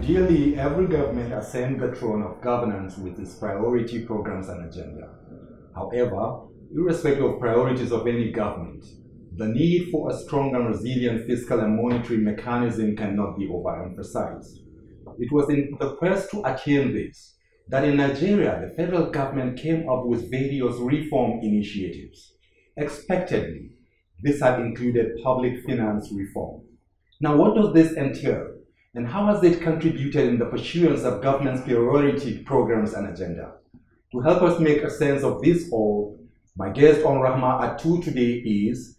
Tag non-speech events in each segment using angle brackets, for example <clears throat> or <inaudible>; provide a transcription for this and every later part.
ideally, every government ascends the throne of governance with its priority programs and agenda. However, irrespective of priorities of any government, the need for a strong and resilient fiscal and monetary mechanism cannot be overemphasized. It was in the quest to attain this that in Nigeria, the federal government came up with various reform initiatives. Expectedly, this had included public finance reform. Now, what does this entail? And how has it contributed in the pursuance of government's priority programs and agenda? To help us make a sense of this all, my guest on Rahma Atu today is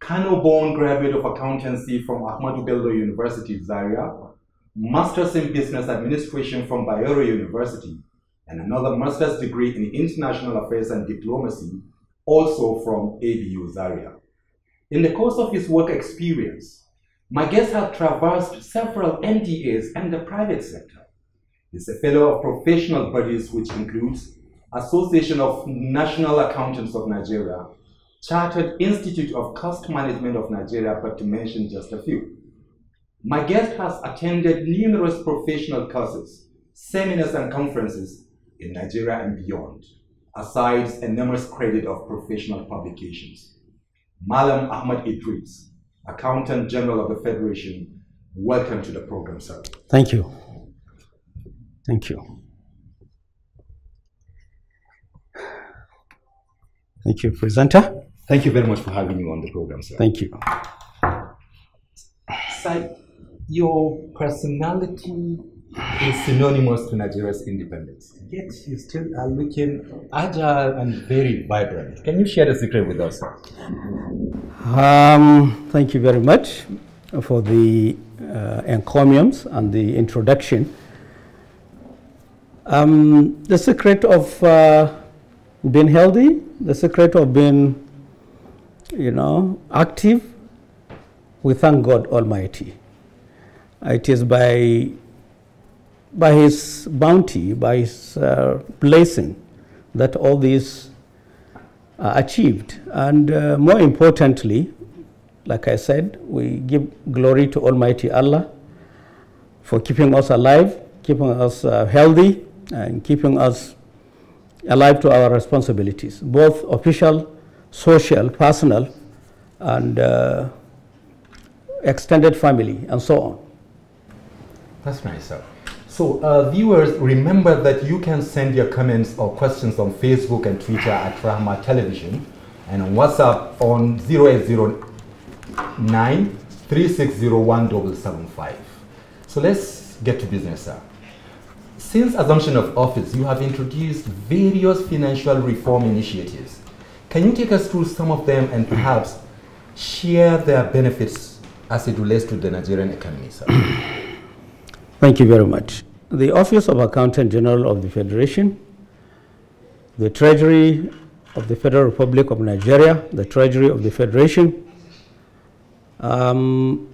Kano-born graduate of accountancy from Ahmadu Bello University, Zaria, master's in business administration from Bayero University, and another master's degree in international affairs and diplomacy, also from ABU Zaria. In the course of his work experience, my guests have traversed several NDAs and the private sector. He's a fellow of professional bodies which includes Association of National Accountants of Nigeria, Chartered Institute of Cost Management of Nigeria, but to mention just a few. My guest has attended numerous professional courses, seminars and conferences in Nigeria and beyond, aside numerous credit of professional publications. Malam Ahmad Idris, Accountant General of the Federation. Welcome to the program, sir. Thank you. Thank you. Thank you, presenter. Thank you very much for having me on the program, sir. Thank you. Sir, your personality is synonymous to Nigeria's independence. Yet you still are looking agile and very vibrant. Can you share the secret with us? Um, thank you very much for the uh, encomiums and the introduction. Um, the secret of uh, being healthy, the secret of being, you know, active, we thank God Almighty. It is by by His bounty, by His uh, blessing, that all these are uh, achieved. And uh, more importantly, like I said, we give glory to Almighty Allah for keeping us alive, keeping us uh, healthy, and keeping us alive to our responsibilities, both official, social, personal, and uh, extended family, and so on. That's nice, sir. So uh, viewers, remember that you can send your comments or questions on Facebook and Twitter at Rahma Television and on WhatsApp on 0809 360175. So let's get to business, sir. Since assumption of office, you have introduced various financial reform initiatives. Can you take us through some of them and perhaps share their benefits as it relates to the Nigerian economy, sir? <clears throat> Thank you very much. The Office of Accountant General of the Federation, the Treasury of the Federal Republic of Nigeria, the Treasury of the Federation, um,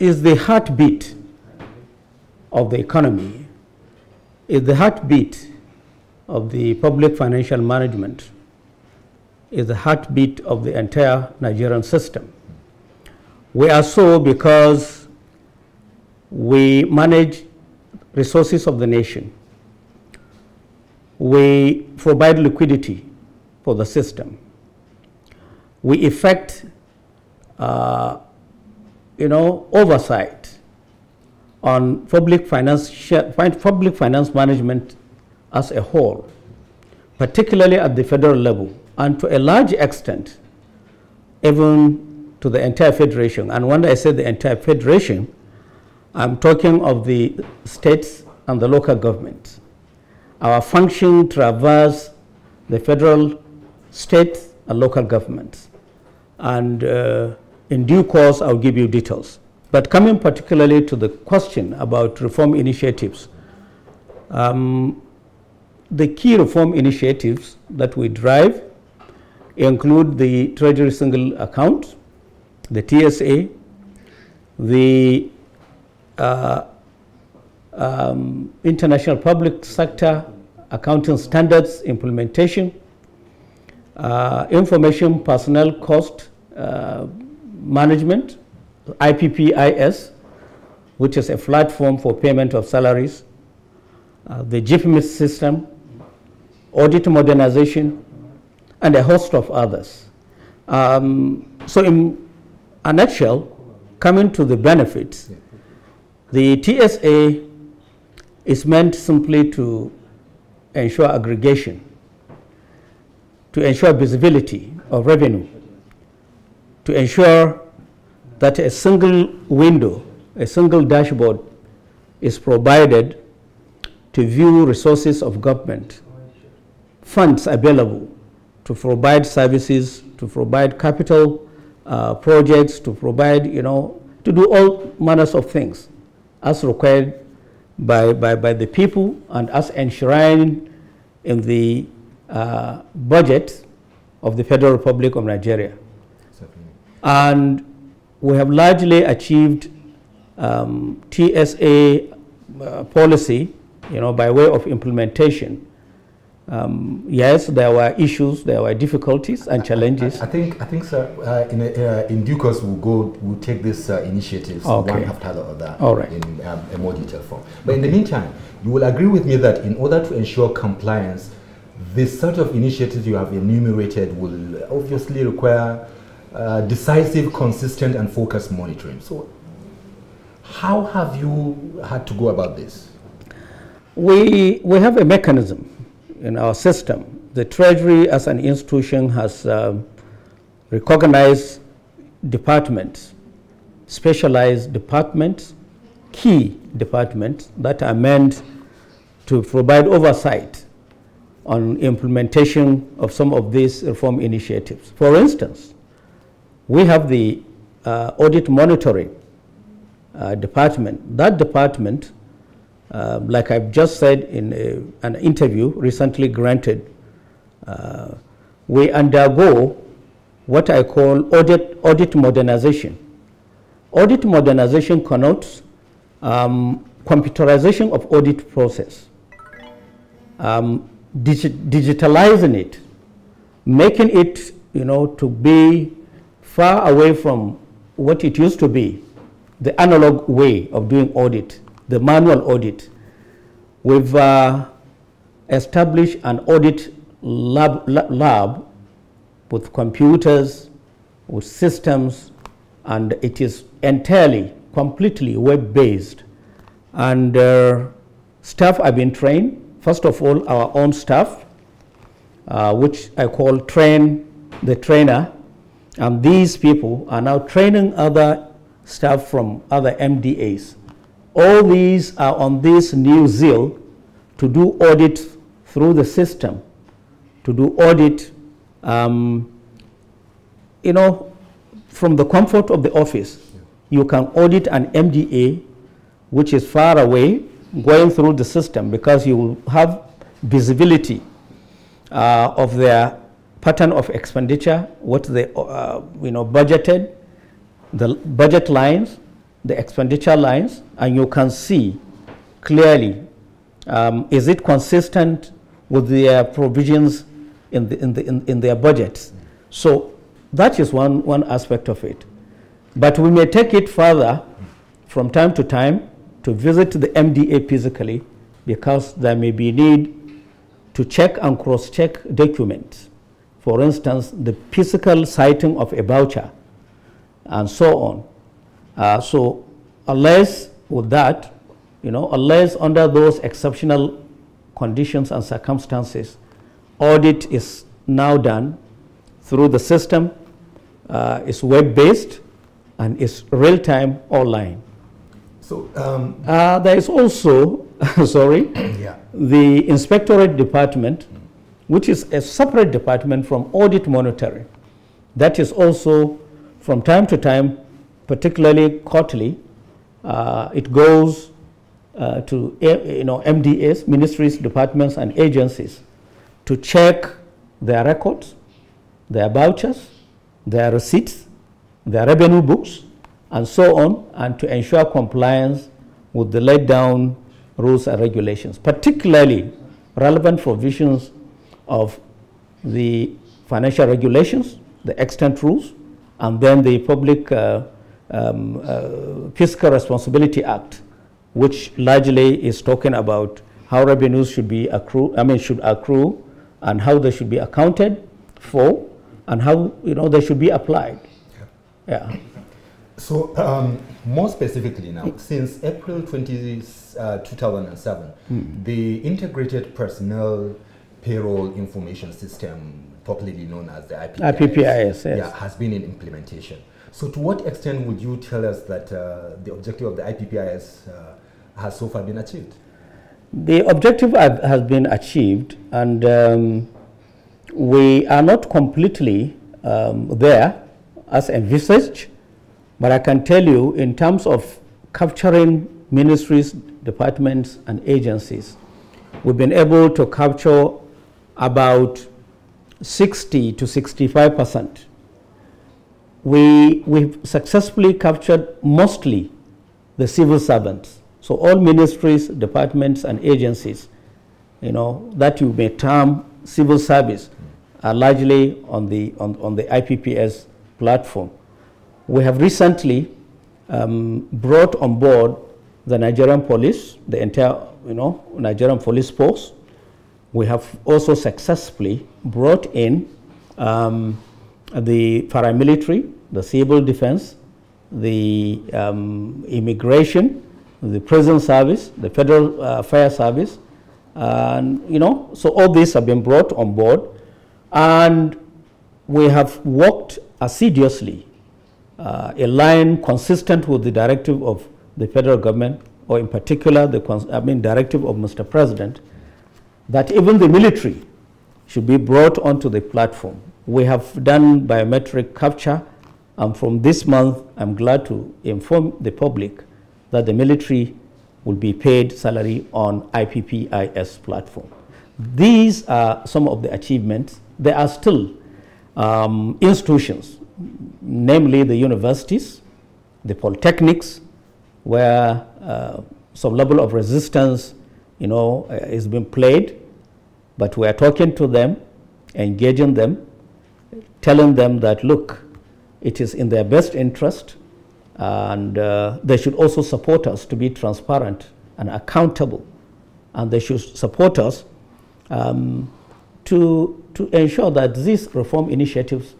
is the heartbeat of the economy, is the heartbeat of the public financial management, is the heartbeat of the entire Nigerian system. We are so because we manage resources of the nation. We provide liquidity for the system. We effect, uh, you know, oversight on public finance, public finance management as a whole, particularly at the federal level, and to a large extent, even to the entire federation. And when I say the entire federation, I'm talking of the states and the local government. Our function traverses the federal, state, and local governments. And uh, in due course, I'll give you details. But coming particularly to the question about reform initiatives, um, the key reform initiatives that we drive include the Treasury Single Account, the TSA, the uh, um, international public sector accounting standards implementation, uh, information personnel cost uh, management, IPPIS, which is a platform for payment of salaries, uh, the GPMIS system, audit modernization, and a host of others. Um, so in a nutshell, coming to the benefits, yeah. The TSA is meant simply to ensure aggregation, to ensure visibility of revenue, to ensure that a single window, a single dashboard is provided to view resources of government, funds available to provide services, to provide capital uh, projects, to provide, you know, to do all manners of things as required by, by, by the people and as enshrined in the uh, budget of the Federal Republic of Nigeria. And we have largely achieved um, TSA uh, policy, you know, by way of implementation um, yes, there were issues, there were difficulties and challenges. I, I, I think, I think, sir, uh, in, uh, in due course we'll go, we'll take these uh, initiatives okay. one after the other All right. in um, a more detailed form. But in the meantime, you will agree with me that in order to ensure compliance, this sort of initiatives you have enumerated will obviously require uh, decisive, consistent, and focused monitoring. So, how have you had to go about this? We, we have a mechanism in our system. The Treasury as an institution has uh, recognized departments, specialized departments, key departments that are meant to provide oversight on implementation of some of these reform initiatives. For instance, we have the uh, audit monitoring uh, department. That department um, like I've just said in a, an interview recently granted, uh, we undergo what I call audit, audit modernization. Audit modernization connotes um, computerization of audit process, um, digi digitalizing it, making it you know, to be far away from what it used to be, the analog way of doing audit the manual audit. We've uh, established an audit lab, lab with computers, with systems, and it is entirely, completely web-based. And uh, staff have been trained. First of all, our own staff, uh, which I call train the trainer. And these people are now training other staff from other MDAs. All these are on this new zeal to do audit through the system, to do audit, um, you know, from the comfort of the office. You can audit an MDA which is far away going through the system because you will have visibility uh, of their pattern of expenditure, what they uh, you know budgeted, the budget lines, the expenditure lines and you can see clearly um, is it consistent with their provisions in, the, in, the, in, in their budgets. So that is one, one aspect of it. But we may take it further from time to time to visit the MDA physically because there may be need to check and cross-check documents. For instance, the physical citing of a voucher and so on uh, so, unless with that, you know, unless under those exceptional conditions and circumstances, audit is now done through the system, uh, it's web based and it's real time online. So, um, uh, there is also, <laughs> sorry, yeah. the inspectorate department, which is a separate department from audit monitoring. That is also from time to time particularly quarterly, uh, it goes uh, to eh, you know, MDAs, ministries, departments, and agencies to check their records, their vouchers, their receipts, their revenue books, and so on, and to ensure compliance with the laid down rules and regulations, particularly relevant provisions of the financial regulations, the extant rules, and then the public uh, um, uh, Fiscal Responsibility Act, which largely is talking about how revenues should be accrue, I mean, should accrue and how they should be accounted for and how, you know, they should be applied. Yeah. yeah. So, um, more specifically now, since April 20, uh, 2007, mm. the Integrated Personnel Payroll Information System, popularly known as the IPPIS, IPPIS yes. yeah, has been in implementation. So to what extent would you tell us that uh, the objective of the IPPIS uh, has so far been achieved? The objective has been achieved and um, we are not completely um, there as envisaged, but I can tell you in terms of capturing ministries, departments and agencies, we've been able to capture about 60 to 65 percent we we've successfully captured mostly the civil servants. So all ministries, departments, and agencies, you know, that you may term civil service, are largely on the on, on the IPPS platform. We have recently um, brought on board the Nigerian police, the entire you know Nigerian police force. We have also successfully brought in um, the paramilitary, the civil defense, the um, immigration, the prison service, the federal uh, fire service, and you know, so all these have been brought on board, and we have worked assiduously, uh, a line consistent with the directive of the federal government, or in particular, the I mean, directive of Mr. President, that even the military should be brought onto the platform we have done biometric capture, and from this month, I'm glad to inform the public that the military will be paid salary on IPPIS platform. These are some of the achievements. There are still um, institutions, namely the universities, the polytechnics, where uh, some level of resistance, you know, uh, is being played, but we are talking to them, engaging them, telling them that look, it is in their best interest and uh, they should also support us to be transparent and accountable and they should support us um, to, to ensure that these reform initiatives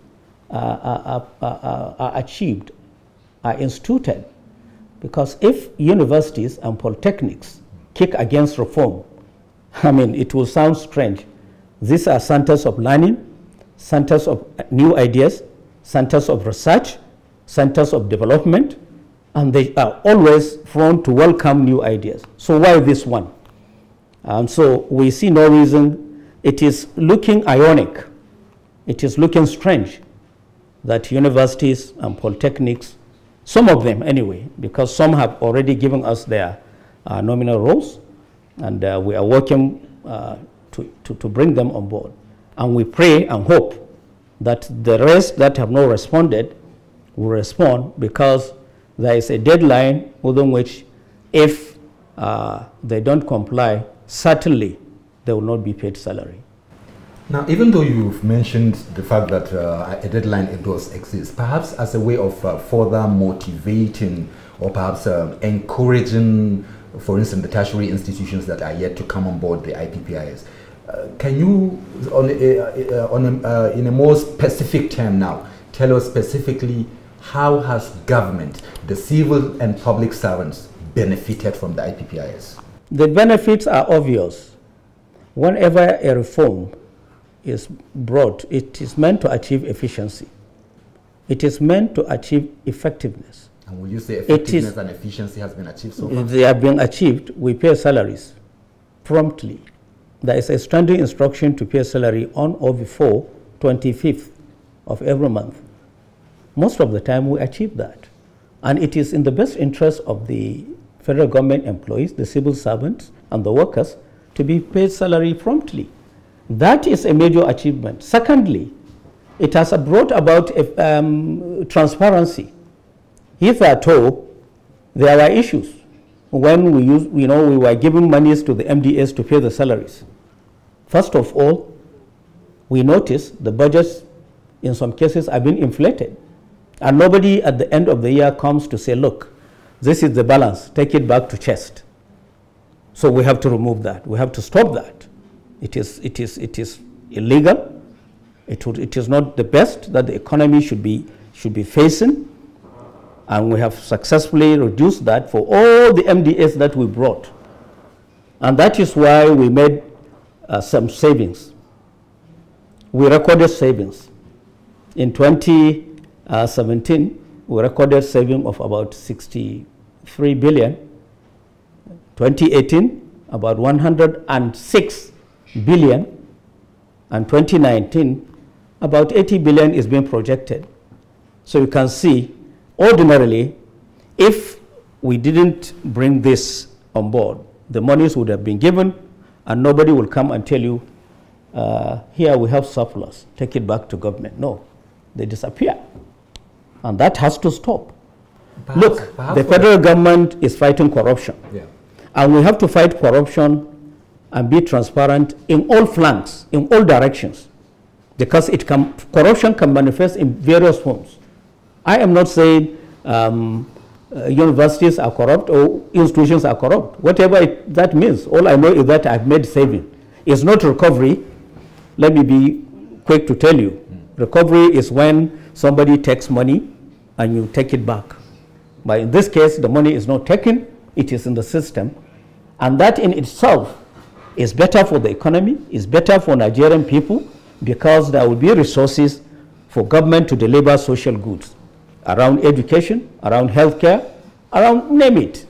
uh, are, are, are, are achieved, are instituted. Because if universities and polytechnics kick against reform, <laughs> I mean, it will sound strange. These are centers of learning, centers of new ideas, centers of research, centers of development, and they are always prone to welcome new ideas. So why this one? Um, so we see no reason. It is looking ionic. It is looking strange that universities and polytechnics, some of them anyway, because some have already given us their uh, nominal roles, and uh, we are working uh, to, to, to bring them on board. And we pray and hope that the rest that have not responded will respond because there is a deadline within which if uh, they don't comply, certainly they will not be paid salary. Now, even though you've mentioned the fact that uh, a deadline does exist, perhaps as a way of uh, further motivating or perhaps um, encouraging, for instance, the tertiary institutions that are yet to come on board the IPPIS, can you, on, uh, uh, on a, uh, in a more specific term now, tell us specifically how has government, the civil and public servants, benefited from the IPPIS? The benefits are obvious. Whenever a reform is brought, it is meant to achieve efficiency. It is meant to achieve effectiveness. And will you say effectiveness is, and efficiency has been achieved so far? They have been achieved. We pay salaries promptly. There is a standing instruction to pay salary on or before 25th of every month. Most of the time we achieve that. And it is in the best interest of the federal government employees, the civil servants and the workers to be paid salary promptly. That is a major achievement. Secondly, it has brought about a, um, transparency. all, there are issues when we use, you know, we were giving monies to the MDAs to pay the salaries. First of all, we notice the budgets in some cases have been inflated. And nobody at the end of the year comes to say, look, this is the balance, take it back to chest. So we have to remove that. We have to stop that. It is, it is, it is illegal. It, would, it is not the best that the economy should be, should be facing. And we have successfully reduced that for all the MDAs that we brought. And that is why we made uh, some savings. We recorded savings. In 2017, uh, we recorded saving of about 63 billion. 2018, about 106 billion. And 2019, about 80 billion is being projected. So you can see Ordinarily, if we didn't bring this on board, the monies would have been given and nobody will come and tell you, uh, here we have surplus, take it back to government. No, they disappear. And that has to stop. Perhaps, Look, perhaps the federal government is fighting corruption. Yeah. And we have to fight corruption and be transparent in all flanks, in all directions, because it can, corruption can manifest in various forms. I am not saying um, uh, universities are corrupt or institutions are corrupt, whatever it, that means. All I know is that I've made saving. It's not recovery. Let me be quick to tell you. Recovery is when somebody takes money and you take it back. But in this case, the money is not taken, it is in the system. And that in itself is better for the economy, is better for Nigerian people, because there will be resources for government to deliver social goods around education, around healthcare, around name it.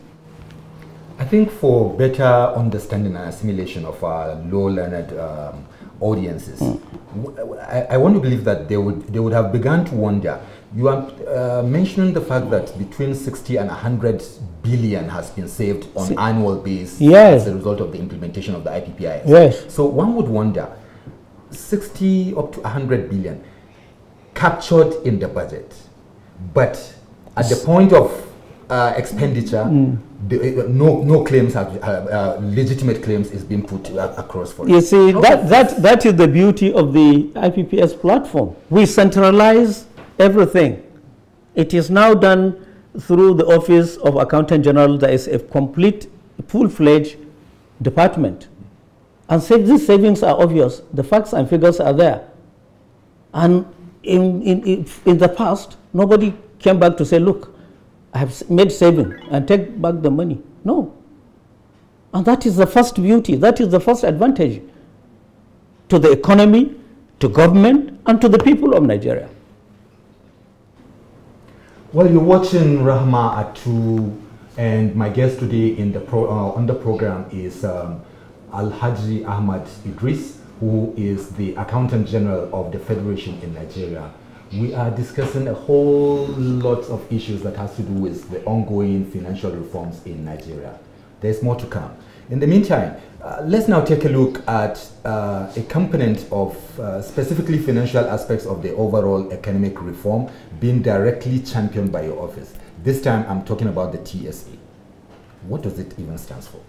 I think for better understanding and assimilation of our low-learned um, audiences, mm. I, I, want to believe that they would, they would have begun to wonder. You are uh, mentioning the fact that between 60 and 100 billion has been saved on See, annual basis yes. as a result of the implementation of the IPPIS. Yes. So one would wonder, 60 up to 100 billion captured in the budget but at the point of uh, expenditure, mm. the, uh, no, no claims, have, uh, uh, legitimate claims is being put uh, across for You it. see, that, that, that is the beauty of the IPPS platform. We centralize everything. It is now done through the Office of Accountant General. There is a complete, full-fledged department. And save, these savings are obvious. The facts and figures are there. And in, in, in the past, Nobody came back to say, look, I have made saving and take back the money. No. And that is the first beauty, that is the first advantage to the economy, to government, and to the people of Nigeria. Well, you're watching Rahma Atu, and my guest today in the pro, uh, on the program is um, Alhaji Ahmad Idris, who is the Accountant General of the Federation in Nigeria we are discussing a whole lot of issues that has to do with the ongoing financial reforms in Nigeria. There's more to come. In the meantime, uh, let's now take a look at uh, a component of uh, specifically financial aspects of the overall economic reform being directly championed by your office. This time I'm talking about the TSA. What does it even stand for?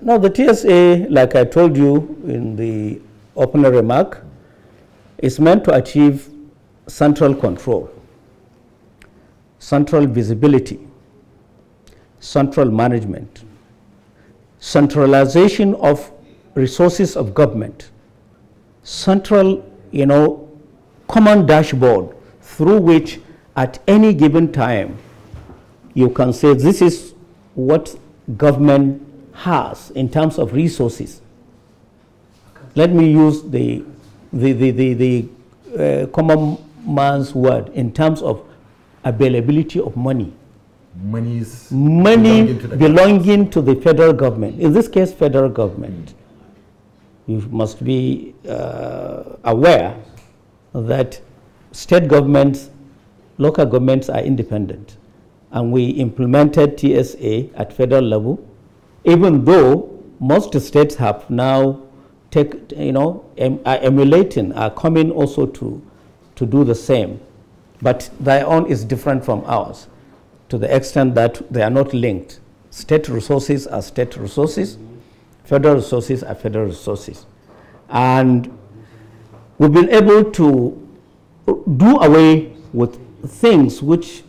Now the TSA, like I told you in the opening remark, is meant to achieve central control, central visibility, central management, centralization of resources of government, central, you know, common dashboard through which at any given time you can say this is what government has in terms of resources. Let me use the, the, the, the, the uh, common man's word in terms of availability of money. Money's money belonging, to, belonging to the federal government. In this case, federal government. Mm. You must be uh, aware that state governments, local governments are independent. And we implemented TSA at federal level, even though most states have now take, you know, em are emulating, are coming also to to do the same, but their own is different from ours to the extent that they are not linked. State resources are state resources, federal resources are federal resources. And we've been able to do away with things which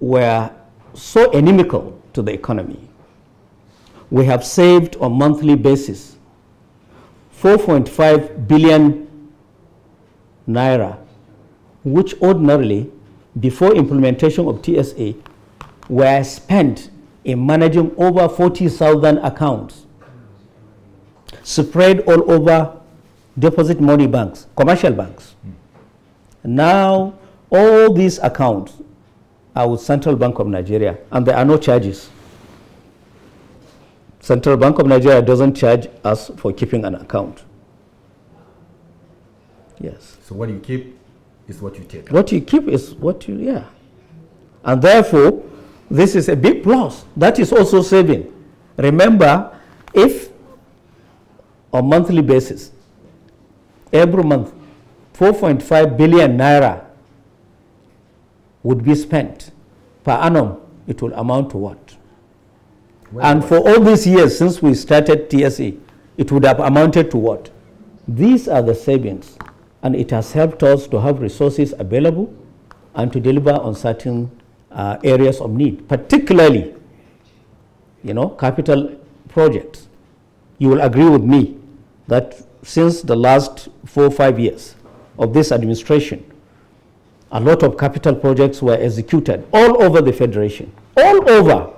were so inimical to the economy. We have saved on monthly basis 4.5 billion naira which ordinarily, before implementation of TSA, were spent in managing over 40,000 accounts spread all over deposit money banks, commercial banks. Mm. Now, all these accounts are with Central Bank of Nigeria, and there are no charges. Central Bank of Nigeria doesn't charge us for keeping an account. Yes. So what do you keep is what you take. What you keep is what you, yeah. And therefore, this is a big plus. That is also saving. Remember, if on monthly basis, every month, 4.5 billion naira would be spent per annum, it will amount to what? Well, and for all these years since we started TSE, it would have amounted to what? These are the savings and it has helped us to have resources available and to deliver on certain uh, areas of need, particularly, you know, capital projects. You will agree with me that since the last four or five years of this administration, a lot of capital projects were executed all over the Federation, all over.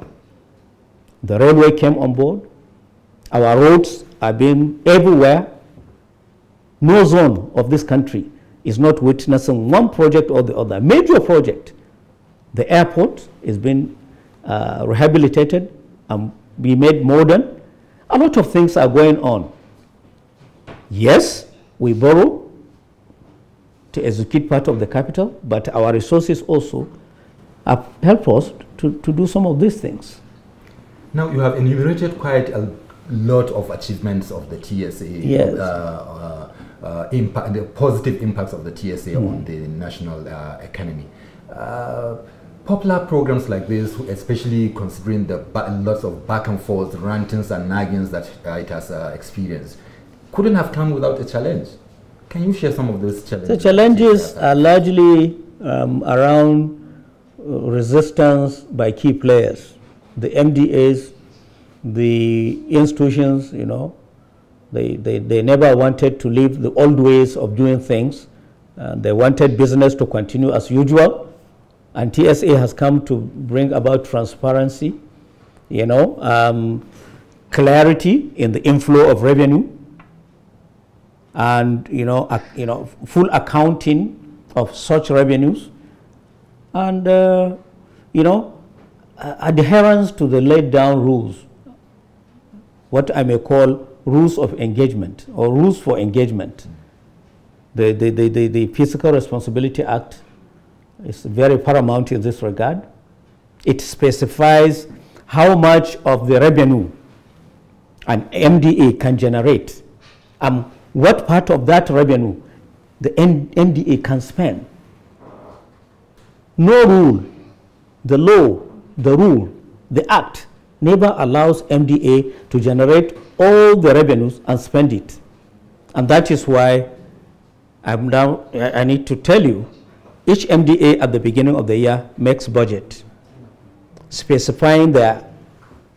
The railway came on board. Our roads are being everywhere no zone of this country is not witnessing one project or the other. Major project, the airport has been uh, rehabilitated and be made modern. A lot of things are going on. Yes, we borrow to execute part of the capital, but our resources also help us to, to do some of these things. Now, you have enumerated quite a lot of achievements of the TSA. Yes. Uh, uh, uh, impact, the positive impacts of the TSA mm. on the national uh, economy. Uh, popular programs like this, especially considering the lots of back and forth, rantings and naggings that uh, it has uh, experienced, couldn't have come without a challenge. Can you share some of those challenges? The challenges are largely um, around uh, resistance by key players, the MDAs, the institutions, you know, they, they, they never wanted to leave the old ways of doing things. Uh, they wanted business to continue as usual. And TSA has come to bring about transparency, you know, um, clarity in the inflow of revenue, and you know, you know, full accounting of such revenues, and uh, you know, adherence to the laid down rules, what I may call rules of engagement or rules for engagement. The, the, the, the, the Physical Responsibility Act is very paramount in this regard. It specifies how much of the revenue an MDA can generate and um, what part of that revenue the MDA can spend. No rule, the law, the rule, the act NEBA allows MDA to generate all the revenues and spend it. And that is why I'm now, I need to tell you, each MDA at the beginning of the year makes budget, specifying their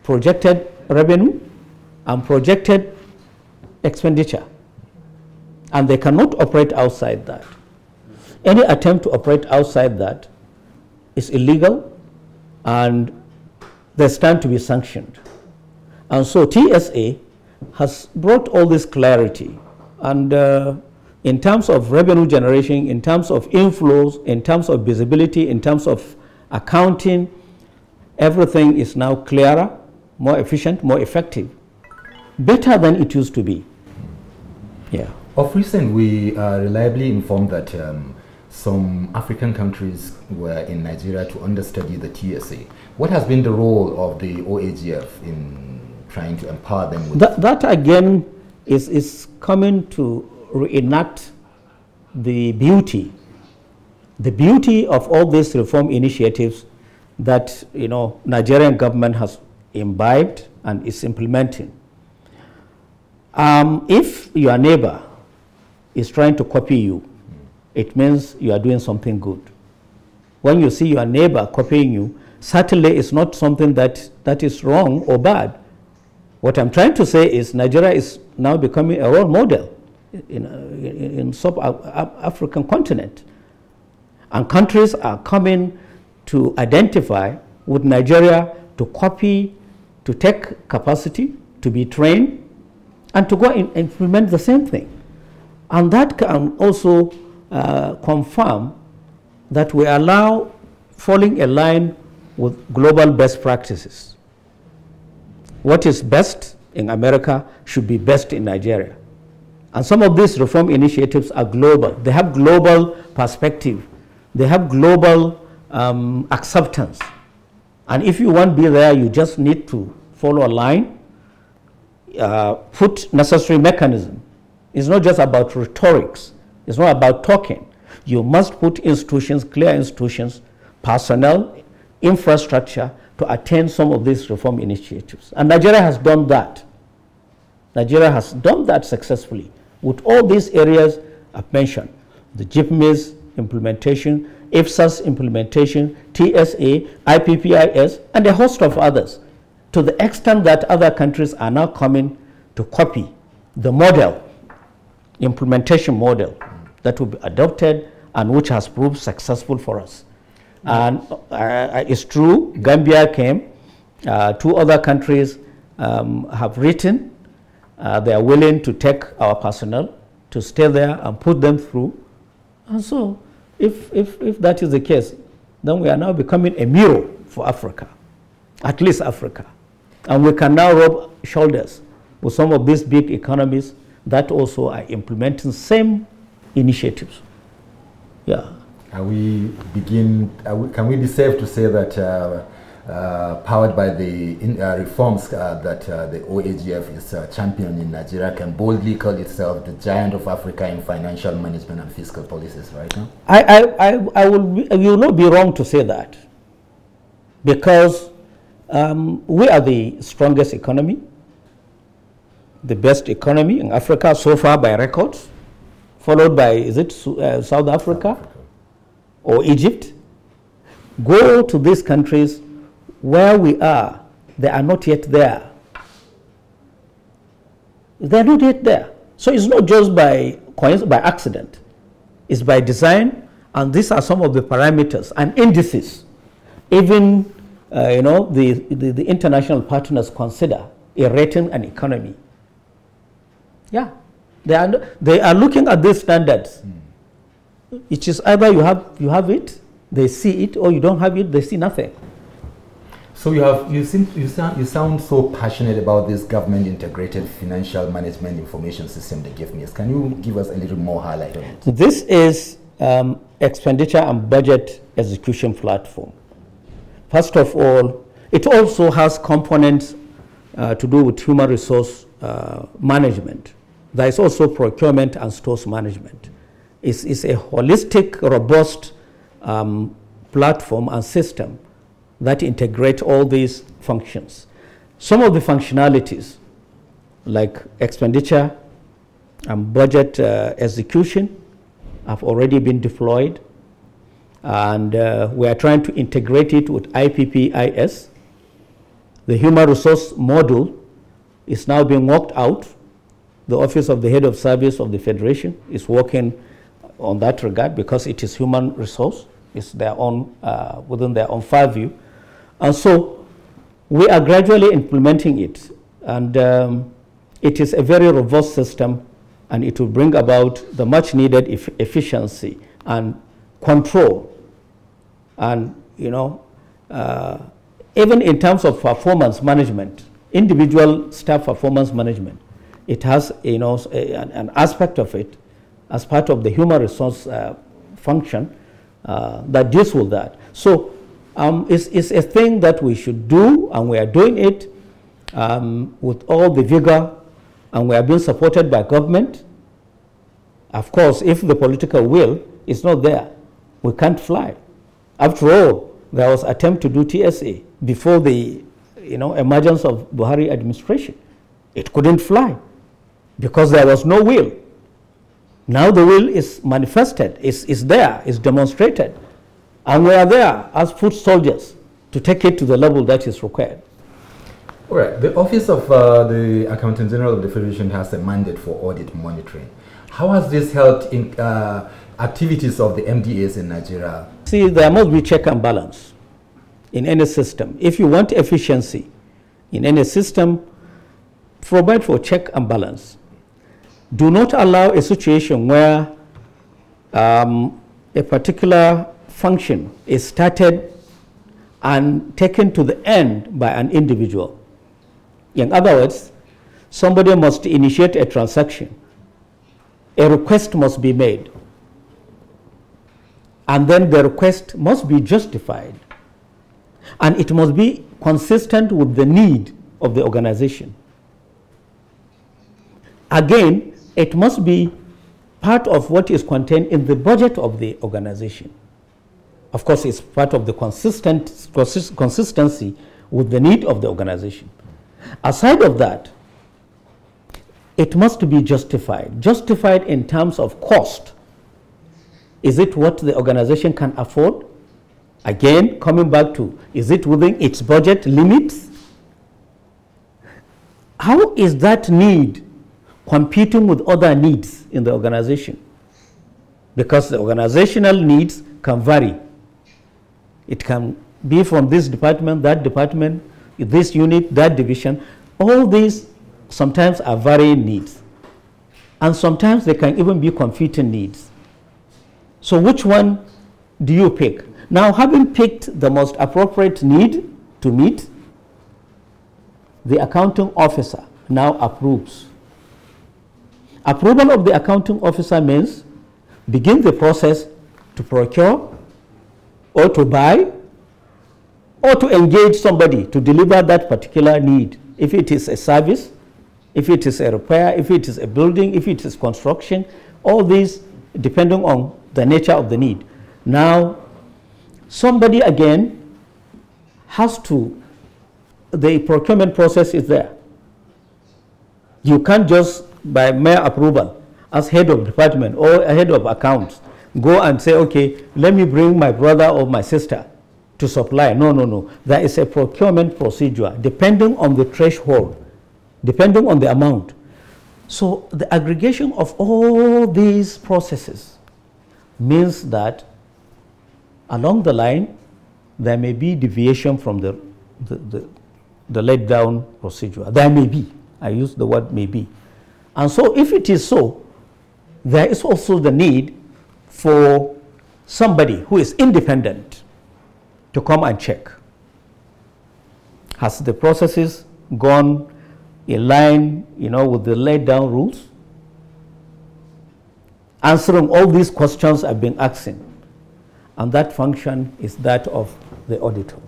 projected revenue and projected expenditure. And they cannot operate outside that. Any attempt to operate outside that is illegal and they stand to be sanctioned. And so TSA has brought all this clarity. And uh, in terms of revenue generation, in terms of inflows, in terms of visibility, in terms of accounting, everything is now clearer, more efficient, more effective, better than it used to be. Yeah. Of recent, we are uh, reliably informed that um, some African countries were in Nigeria to understudy the TSA. What has been the role of the OAGF in trying to empower them with that? That again is, is coming to reenact the beauty, the beauty of all these reform initiatives that you know Nigerian government has imbibed and is implementing. Um, if your neighbor is trying to copy you, it means you are doing something good. When you see your neighbor copying you, certainly it's not something that, that is wrong or bad. What I'm trying to say is Nigeria is now becoming a role model in, in, in sub-African continent. And countries are coming to identify with Nigeria to copy, to take capacity, to be trained, and to go and implement the same thing. And that can also uh, confirm that we allow falling a line with global best practices. What is best in America should be best in Nigeria. And some of these reform initiatives are global. They have global perspective. They have global um, acceptance. And if you want to be there, you just need to follow a line, uh, put necessary mechanism. It's not just about rhetorics. It's not about talking. You must put institutions, clear institutions, personnel, infrastructure to attain some of these reform initiatives. And Nigeria has done that. Nigeria has done that successfully with all these areas I've mentioned the GIPMIS implementation, IFSAS implementation, TSA, IPPIS, and a host of others to the extent that other countries are now coming to copy the model, implementation model that will be adopted and which has proved successful for us. And uh, it's true, Gambia came, uh, two other countries um, have written, uh, they are willing to take our personnel to stay there and put them through. And so, if, if, if that is the case, then we are now becoming a mirror for Africa, at least Africa. And we can now rub shoulders with some of these big economies that also are implementing same initiatives. Yeah. Are we begin? Are uh, we, can we be safe to say that uh, uh, powered by the in, uh, reforms uh, that uh, the OAGF is championing in Nigeria can boldly call itself the giant of Africa in financial management and fiscal policies right now? I, I, I, I will, be, will not be wrong to say that because um, we are the strongest economy, the best economy in Africa so far by records followed by, is it uh, South Africa or Egypt? Go to these countries where we are, they are not yet there. They are not yet there. So it's not just by, by accident, it's by design, and these are some of the parameters and indices. Even uh, you know, the, the, the international partners consider a rating and economy. Yeah. They are, they are looking at these standards. Mm. It is either you have, you have it, they see it, or you don't have it, they see nothing. So you have you seem you sound you sound so passionate about this government integrated financial management information system they gave me. Can you give us a little more highlight on it? This is um, expenditure and budget execution platform. First of all, it also has components uh, to do with human resource uh, management. There is also procurement and stores management. It's, it's a holistic, robust um, platform and system that integrate all these functions. Some of the functionalities, like expenditure and um, budget uh, execution, have already been deployed. And uh, we are trying to integrate it with IPPIS. The human resource model is now being worked out the Office of the Head of Service of the Federation is working on that regard because it is human resource. It's their own, uh, within their own view, And so we are gradually implementing it. And um, it is a very robust system and it will bring about the much needed e efficiency and control. And, you know, uh, even in terms of performance management, individual staff performance management, it has you know a, an aspect of it as part of the human resource uh, function uh, that deals with that. So um, it's, it's a thing that we should do, and we are doing it um, with all the vigor, and we are being supported by government. Of course, if the political will is not there, we can't fly. After all, there was attempt to do TSA before the you know, emergence of Buhari administration. It couldn't fly because there was no will. Now the will is manifested, is, is there, is demonstrated. And we are there as foot soldiers to take it to the level that is required. All right. The Office of uh, the Accountant General of the Federation has a mandate for audit monitoring. How has this helped in uh, activities of the MDAs in Nigeria? See, there must be check and balance in any system. If you want efficiency in any system, provide for check and balance do not allow a situation where um, a particular function is started and taken to the end by an individual. In other words, somebody must initiate a transaction. A request must be made. And then the request must be justified. And it must be consistent with the need of the organization. Again, it must be part of what is contained in the budget of the organization. Of course, it's part of the consistent, consist, consistency with the need of the organization. Aside of that, it must be justified. Justified in terms of cost. Is it what the organization can afford? Again, coming back to, is it within its budget limits? How is that need competing with other needs in the organization because the organizational needs can vary. It can be from this department, that department, this unit, that division. All these sometimes are varying needs. And sometimes they can even be competing needs. So which one do you pick? Now, having picked the most appropriate need to meet, the accounting officer now approves Approval of the accounting officer means begin the process to procure or to buy or to engage somebody to deliver that particular need. If it is a service, if it is a repair, if it is a building, if it is construction, all these depending on the nature of the need. Now, somebody again has to, the procurement process is there. You can't just by mere approval as head of department or head of accounts go and say, okay, let me bring my brother or my sister to supply. No, no, no. There is a procurement procedure depending on the threshold, depending on the amount. So the aggregation of all these processes means that along the line, there may be deviation from the, the, the, the laid down procedure. There may be. I use the word may be. And so if it is so, there is also the need for somebody who is independent to come and check. Has the processes gone in line, you know, with the laid down rules? Answering all these questions I've been asking. And that function is that of the auditor.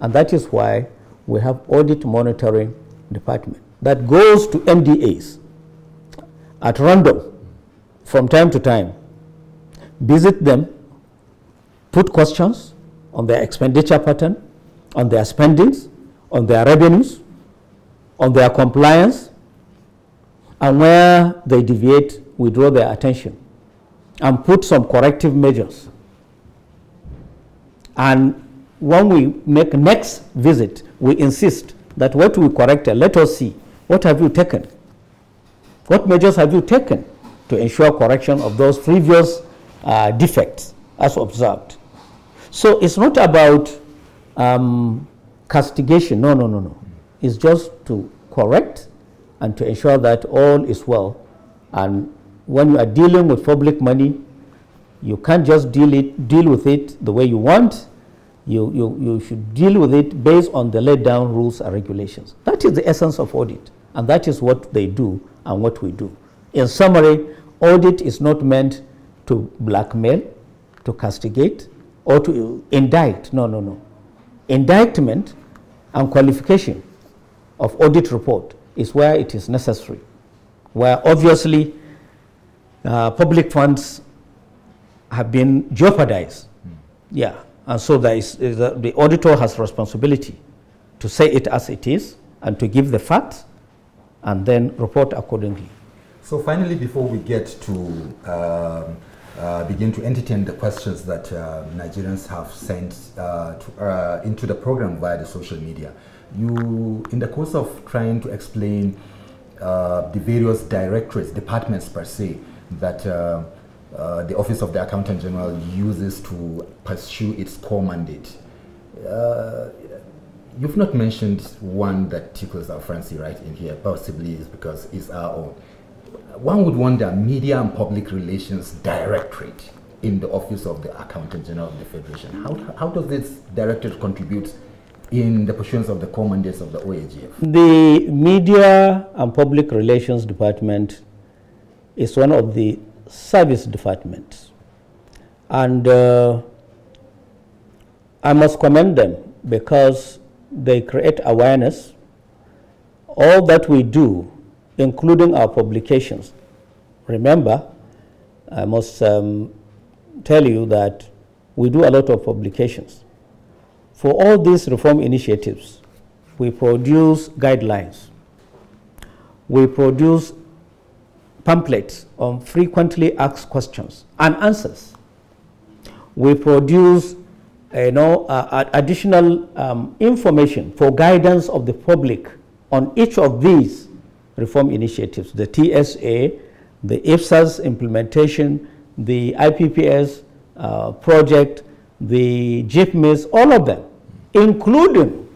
And that is why we have audit monitoring department that goes to MDAs at random from time to time. Visit them, put questions on their expenditure pattern, on their spendings, on their revenues, on their compliance, and where they deviate, we draw their attention and put some corrective measures. And when we make next visit, we insist that what we corrected, let us see what have you taken what measures have you taken to ensure correction of those previous uh, defects as observed? So it's not about um, castigation. No, no, no, no. It's just to correct and to ensure that all is well. And when you are dealing with public money, you can't just deal, it, deal with it the way you want. You, you, you should deal with it based on the laid down rules and regulations. That is the essence of audit. And that is what they do and what we do. In summary, audit is not meant to blackmail, to castigate, or to indict. No, no, no. Indictment and qualification of audit report is where it is necessary, where obviously uh, public funds have been jeopardized. Mm. Yeah, and so there is, the auditor has responsibility to say it as it is and to give the facts and then report accordingly. So finally, before we get to um, uh, begin to entertain the questions that uh, Nigerians have sent uh, to, uh, into the program via the social media, you, in the course of trying to explain uh, the various directorates, departments per se, that the Office of the Accountant General uses to pursue its core mandate, you've not mentioned one that tickles our fancy right in here. Possibly is because it's our own. One would wonder Media and Public Relations Directorate in the Office of the Accountant General of the Federation. How, how does this directorate contribute in the pursuance of the common days of the OAGF? The Media and Public Relations Department is one of the service departments. And uh, I must commend them because they create awareness. All that we do, including our publications, remember, I must um, tell you that we do a lot of publications. For all these reform initiatives, we produce guidelines, we produce pamphlets on frequently asked questions and answers, we produce uh, you know, uh, additional um, information for guidance of the public on each of these reform initiatives, the TSA, the IFSAS implementation, the IPPS uh, project, the GIPMIS, all of them, including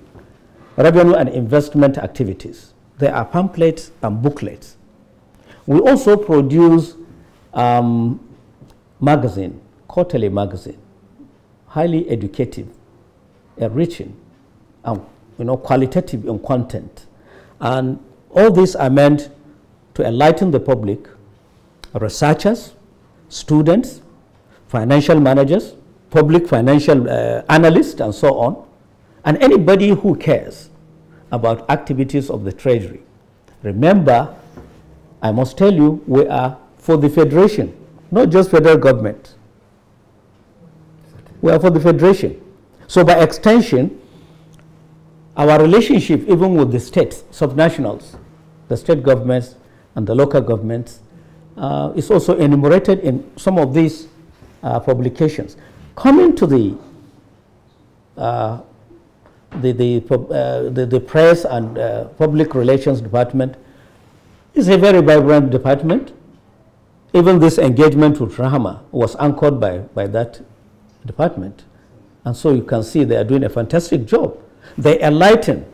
revenue and investment activities. There are pamphlets and booklets. We also produce um, magazine, quarterly magazine, highly educative, enriching, and um, you know, qualitative in content. And all these are meant to enlighten the public, researchers, students, financial managers, public financial uh, analysts, and so on, and anybody who cares about activities of the Treasury. Remember, I must tell you, we are for the Federation, not just federal government were for the Federation. So, by extension, our relationship, even with the states, subnationals, the state governments, and the local governments, uh, is also enumerated in some of these uh, publications. Coming to the uh, the, the, uh, the, the, press and uh, public relations department is a very vibrant department. Even this engagement with Rahama was anchored by, by that department. And so you can see they are doing a fantastic job. They enlighten,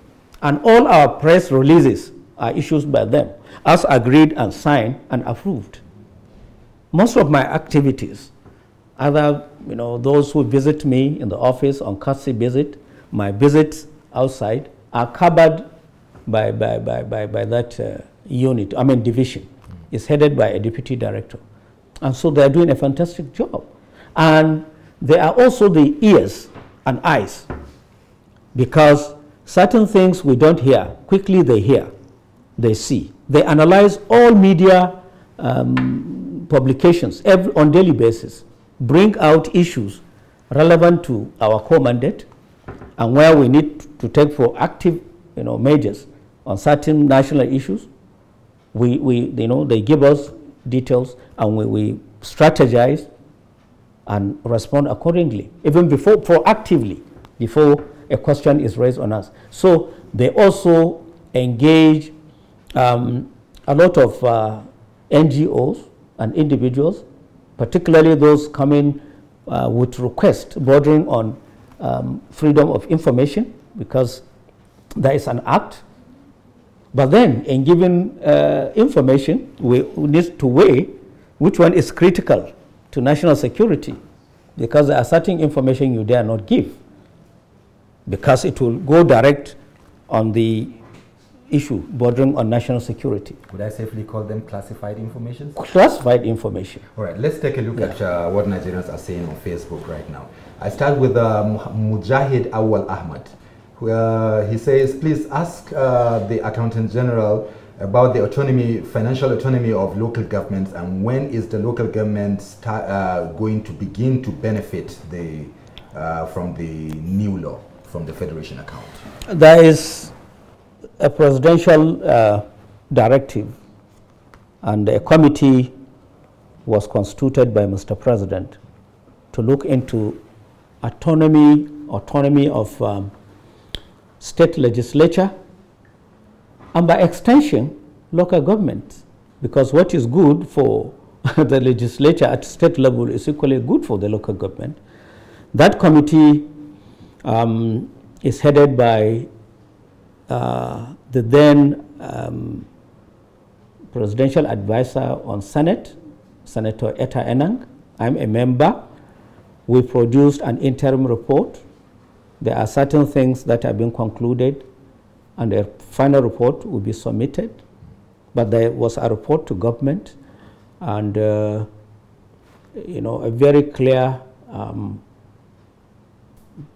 and all our press releases are issued by them, as agreed and signed and approved. Most of my activities, other, you know, those who visit me in the office on courtesy visit, my visits outside, are covered by, by, by, by, by that uh, unit, I mean division. It's headed by a deputy director. And so they're doing a fantastic job. And there are also the ears and eyes because certain things we don't hear, quickly they hear, they see. They analyze all media um, publications every, on daily basis, bring out issues relevant to our core mandate and where we need to take for active, you know, measures on certain national issues. We, we, you know, they give us details and we, we strategize and respond accordingly, even before proactively, before a question is raised on us. So they also engage um, a lot of uh, NGOs and individuals, particularly those coming uh, with requests bordering on um, freedom of information, because there is an act. But then, in giving uh, information, we need to weigh which one is critical to national security because there are certain information you dare not give because it will go direct on the issue bordering on national security. Would I safely call them classified information? Classified information. All right, let's take a look yeah. at uh, what Nigerians are saying on Facebook right now. I start with uh, Mujahid Awal Ahmad. uh, he says, please ask uh, the Accountant General about the autonomy, financial autonomy of local governments, and when is the local government start, uh, going to begin to benefit the, uh, from the new law, from the federation account? There is a presidential uh, directive, and a committee was constituted by Mr. President to look into autonomy, autonomy of um, state legislature and by extension, local government. Because what is good for <laughs> the legislature at state level is equally good for the local government. That committee um, is headed by uh, the then um, presidential advisor on Senate, Senator Etta Enang. I'm a member. We produced an interim report. There are certain things that have been concluded and a final report will be submitted. But there was a report to government and uh, you know a very clear um,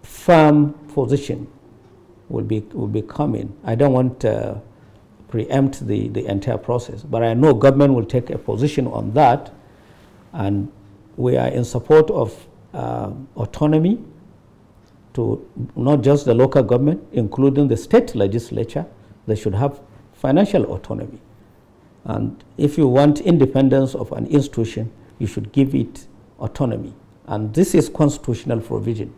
firm position will be will be coming. I don't want to preempt the, the entire process, but I know government will take a position on that and we are in support of uh, autonomy to not just the local government, including the state legislature, they should have financial autonomy. And if you want independence of an institution, you should give it autonomy. And this is constitutional provision.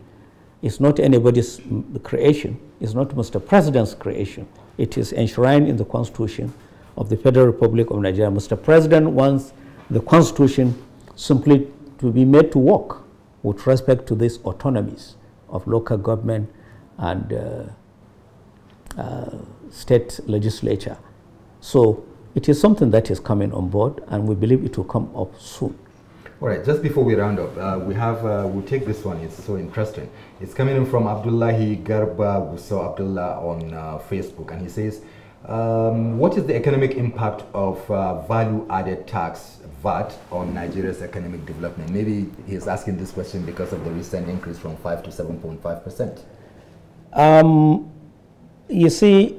It's not anybody's creation, it's not Mr. President's creation. It is enshrined in the Constitution of the Federal Republic of Nigeria. Mr. President wants the Constitution simply to be made to work with respect to these autonomies of local government and uh, uh, state legislature. So it is something that is coming on board and we believe it will come up soon. All right, just before we round up, uh, we have, uh, we'll take this one, it's so interesting. It's coming in from Abdullahi Garba Busso Abdullah on uh, Facebook and he says, um, what is the economic impact of uh, value added tax VAT on Nigeria's economic development? Maybe he's asking this question because of the recent increase from 5 to 7.5 percent. Um, you see,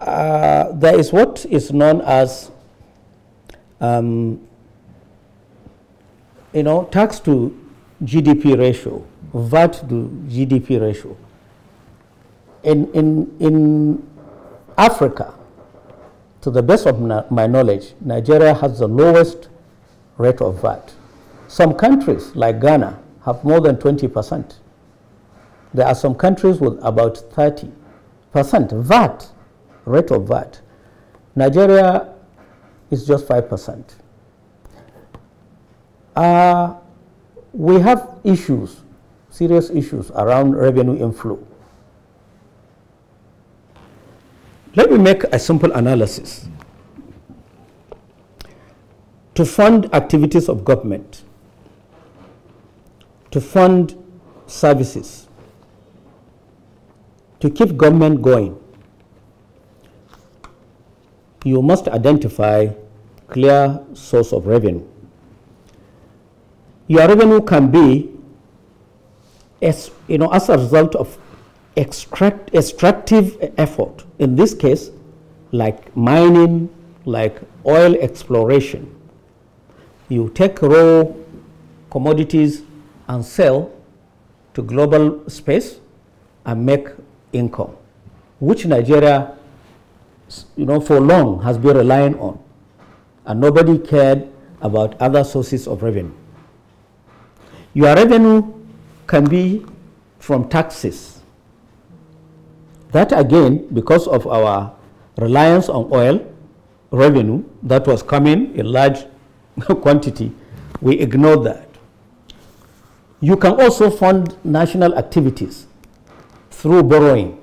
uh, there is what is known as, um, you know, tax to GDP ratio, VAT to GDP ratio. In, in, in Africa, to the best of my knowledge, Nigeria has the lowest rate of VAT. Some countries, like Ghana, have more than 20%. There are some countries with about 30% VAT, rate of VAT. Nigeria is just 5%. Uh, we have issues, serious issues around revenue inflow. Let me make a simple analysis. To fund activities of government, to fund services, to keep government going, you must identify clear source of revenue. Your revenue can be as, you know, as a result of extract, extractive effort in this case like mining, like oil exploration. You take raw commodities and sell to global space and make income, which Nigeria, you know, for long has been relying on, and nobody cared about other sources of revenue. Your revenue can be from taxes, that again, because of our reliance on oil revenue that was coming in large <laughs> quantity, we ignored that. You can also fund national activities through borrowing.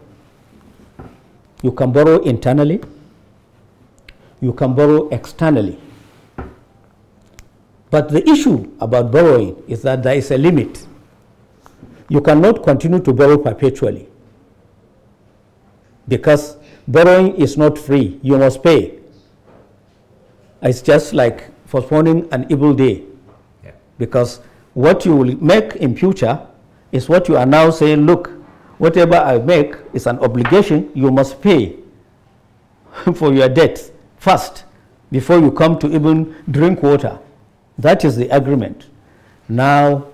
You can borrow internally, you can borrow externally. But the issue about borrowing is that there is a limit. You cannot continue to borrow perpetually because borrowing is not free. You must pay. It's just like postponing an evil day yeah. because what you will make in future is what you are now saying, look, whatever I make is an obligation you must pay <laughs> for your debt first before you come to even drink water. That is the agreement. Now,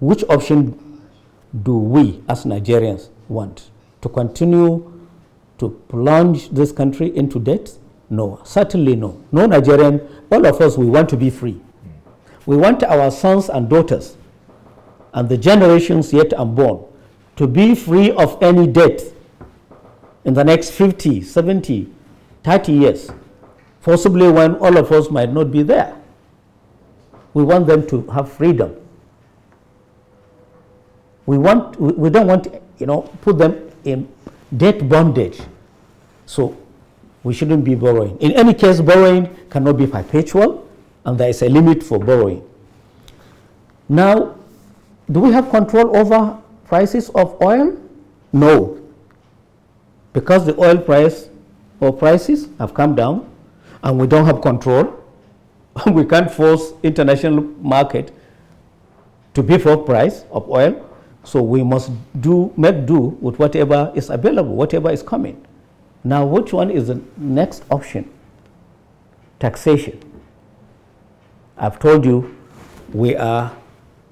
which option do we as Nigerians want? To continue to plunge this country into debt? No, certainly no. No Nigerian, all of us, we want to be free. We want our sons and daughters and the generations yet unborn to be free of any debt in the next 50, 70, 30 years, possibly when all of us might not be there. We want them to have freedom we, want, we, we don't want, you know, put them in debt bondage. So we shouldn't be borrowing. In any case, borrowing cannot be perpetual, and there is a limit for borrowing. Now, do we have control over prices of oil? No. Because the oil price or prices have come down and we don't have control, <laughs> we can't force international market to be for price of oil. So we must do, make do with whatever is available, whatever is coming. Now, which one is the next option? Taxation. I've told you we are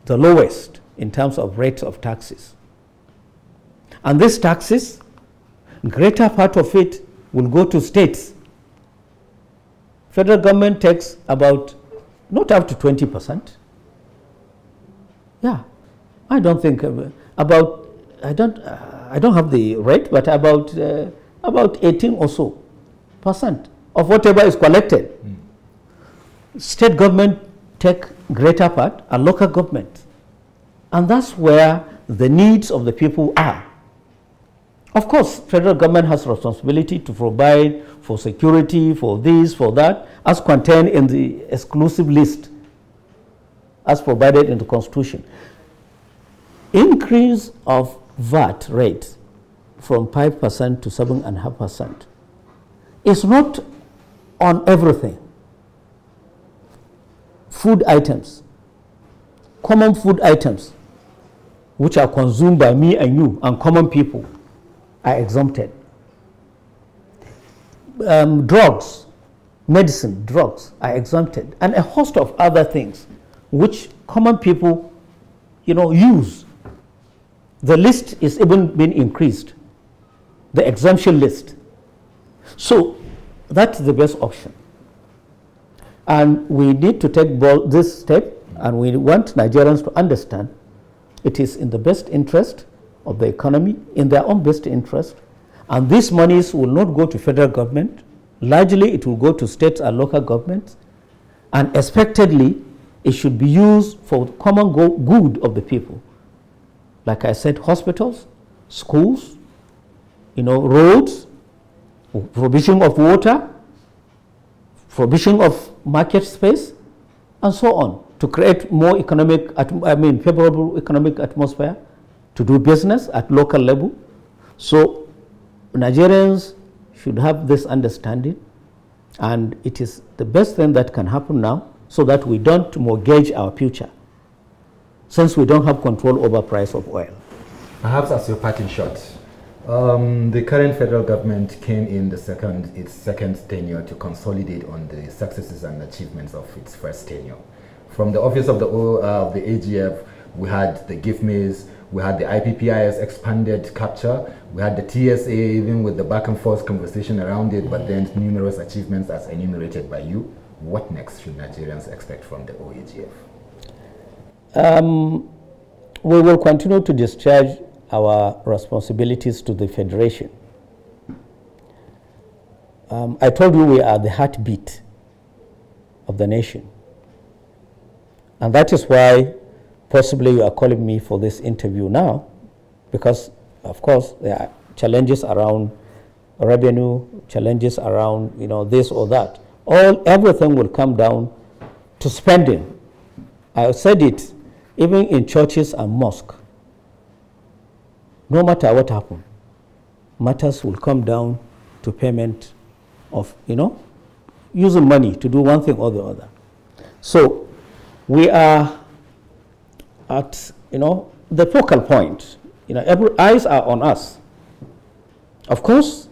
the lowest in terms of rates of taxes. And these taxes, greater part of it will go to states. Federal government takes about not up to 20%. Yeah, I don't think uh, about, I don't, uh, I don't have the rate, but about, uh, about 18 or so percent of whatever is collected. Mm. State government take greater part and local government. And that's where the needs of the people are. Of course, federal government has responsibility to provide for security, for this, for that, as contained in the exclusive list, as provided in the constitution increase of VAT rate from 5% to 7.5% is not on everything. Food items, common food items, which are consumed by me and you and common people, are exempted. Um, drugs, medicine, drugs are exempted, and a host of other things which common people, you know, use the list is even been increased, the exemption list. So that's the best option. And we need to take this step, and we want Nigerians to understand it is in the best interest of the economy, in their own best interest. And these monies will not go to federal government. Largely, it will go to states and local governments. And expectedly, it should be used for common good of the people like I said, hospitals, schools, you know, roads, provision of water, provision of market space, and so on to create more economic, I mean, favorable economic atmosphere to do business at local level. So Nigerians should have this understanding, and it is the best thing that can happen now so that we don't mortgage our future since we don't have control over price of oil. Perhaps as your parting shot, um, the current federal government came in the second, its second tenure to consolidate on the successes and achievements of its first tenure. From the office of the, uh, of the AGF, we had the gift mays, we had the IPPIS expanded capture, we had the TSA even with the back and forth conversation around it, but then numerous achievements as enumerated by you. What next should Nigerians expect from the OAGF? Um, we will continue to discharge our responsibilities to the Federation. Um, I told you we are the heartbeat of the nation. And that is why possibly you are calling me for this interview now, because, of course, there are challenges around revenue, challenges around you know, this or that. All, everything will come down to spending. I said it even in churches and mosques, no matter what happens, matters will come down to payment of, you know, using money to do one thing or the other. So we are at, you know, the focal point. You know, every, eyes are on us. Of course,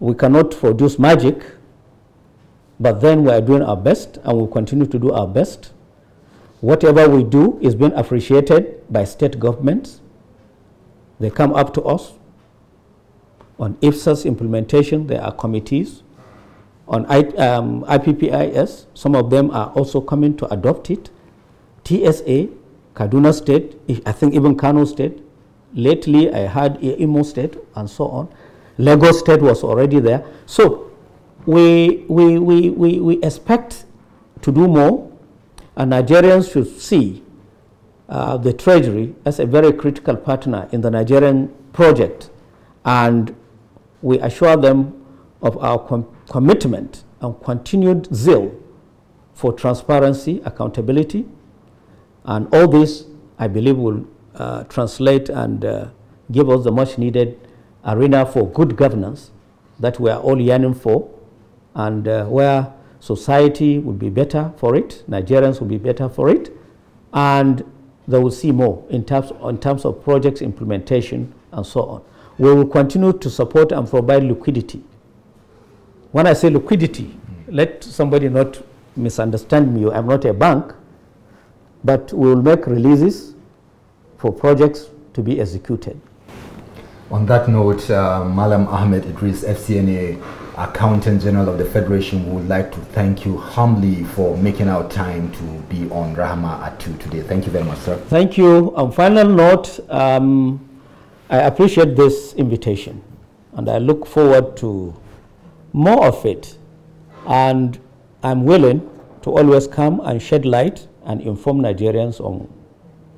we cannot produce magic, but then we are doing our best and we'll continue to do our best Whatever we do is being appreciated by state governments. They come up to us. On IFSA's implementation, there are committees. On I, um, IPPIS, some of them are also coming to adopt it. TSA, Kaduna State, I think even Kano State. Lately, I heard Imo State and so on. Lagos State was already there. So we, we, we, we, we expect to do more and Nigerians should see uh, the Treasury as a very critical partner in the Nigerian project. And we assure them of our com commitment and continued zeal for transparency, accountability. And all this, I believe, will uh, translate and uh, give us the much needed arena for good governance that we are all yearning for and uh, where Society would be better for it. Nigerians would be better for it. And they will see more in terms, in terms of projects implementation and so on. We will continue to support and provide liquidity. When I say liquidity, hmm. let somebody not misunderstand me. I'm not a bank, but we will make releases for projects to be executed. On that note, uh, Malam Ahmed Idris, FCNA, Accountant General of the Federation, we would like to thank you humbly for making our time to be on Rahama at 2 today. Thank you very much, sir. Thank you. On final note, um, I appreciate this invitation and I look forward to more of it. And I'm willing to always come and shed light and inform Nigerians on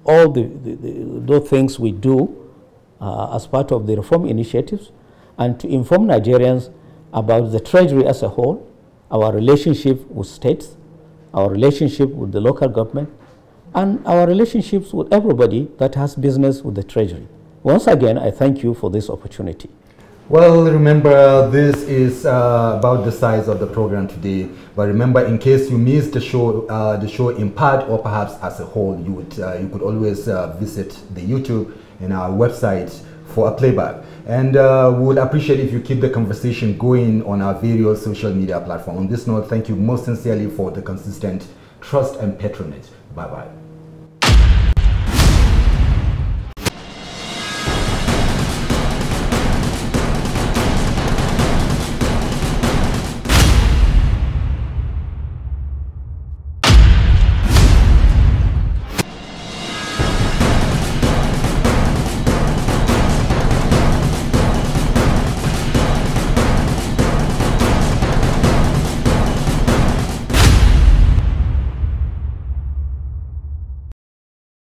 all the, the, the, those things we do uh, as part of the reform initiatives and to inform Nigerians about the Treasury as a whole, our relationship with states, our relationship with the local government, and our relationships with everybody that has business with the Treasury. Once again, I thank you for this opportunity. Well, remember, this is uh, about the size of the program today. But remember, in case you missed the show, uh, the show in part or perhaps as a whole, you, would, uh, you could always uh, visit the YouTube and our website for a playback. And uh, we would appreciate if you keep the conversation going on our various social media platforms. On this note, thank you most sincerely for the consistent trust and patronage. Bye bye.